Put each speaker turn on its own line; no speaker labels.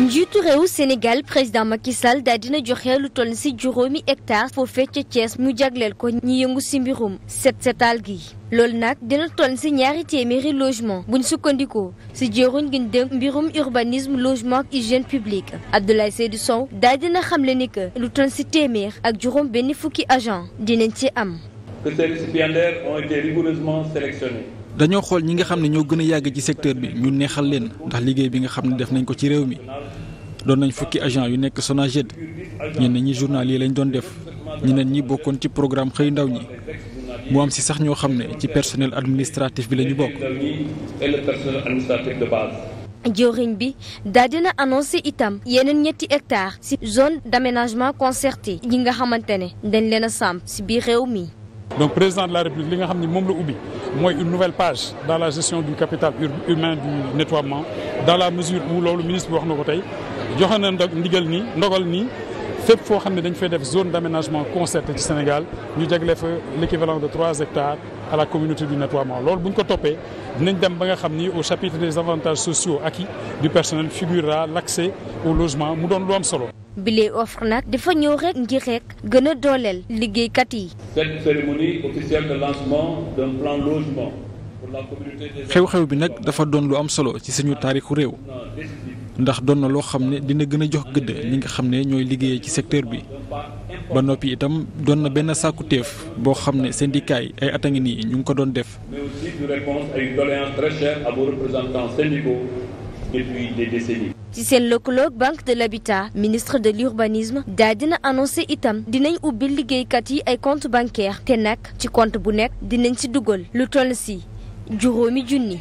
njiitu réew Sénégal président Macky Sall daal dina joxe lu toll ci juróomi hectare foofee ca cees mu jagleel ko ñi yëngu ci mbirum set setal gi loolu nag dina toll ci ñaari téeméeri logement buñ sukkandikoo ci jéeruñ gi dénk mbirum urbanisme logement ak hygiène publique Abdoulaye Seydou Sow daal dina xamle ni que lu toll ci téeméer ak juróom benn fukki agent dinañ ci am que
dañoo xool ñi nga xam ne ñoo gën a yàgg ci secteur bi ñu neexal leen ndax liggéey bi nga xam ne def nañ ko ci réew mi doon nañ fukki agent yu nekk SONAGED ñenn ñi journal yi lañ doon def ñeneen ñi bokkoon ci programme xëy ndaw ñi mu am si sax ñoo xam ne ci personnel administratif bi lañu ñu bokk.
jëwriñ bi daa dina annoncé itam yeneen ñetti hectares ci zone d'aménagement concerté yi nga xamante ne dañ leen a sàmm ci biir réew mi.
donc président de la république li nga xam ne moom la ubbi mooy une nouvelle page dans la gestion du capital humain du nettoiement dans la mesure où loolu ministre bi wax na ko tey joxe na ndigal nii ndogal nii fépp foo xam ne dañ fay def zone d' aménagement concerté ci Sénégal ñu jagle fa l' équivalent de trois hectares à la communauté du nettoiement loolu bu ñu ko toppee dinañ dem ba nga xam ni au chapitre des avantages sociaux acquis du personnel figurera l' accès au logement mu doon lu solo
bile offre dafa ñëw rek ngir rek gën a dooleel liggéeykat yi.
cette
xew-xew bi nag dafa doon lu am solo ci suñu taarixu réew ndax doon na loo xam ne dina gën a jox gëdd ñi nga xam ne ñooy liggéeyee ci secteur bi. ba noppi itam doon na benn sàkku téef boo xam ne syndicat yi ay at a ngi nii ñu ngi ko doon def.
mais
ci seen lëkkaloog banque de l'habitat ministre de l'urbanisme daa dina annoncé itam dinañ ubbi liggéeykat yi ay compte bancaire te nag ci compte bu nekk dinañ si dugal lu toll si juróomi junni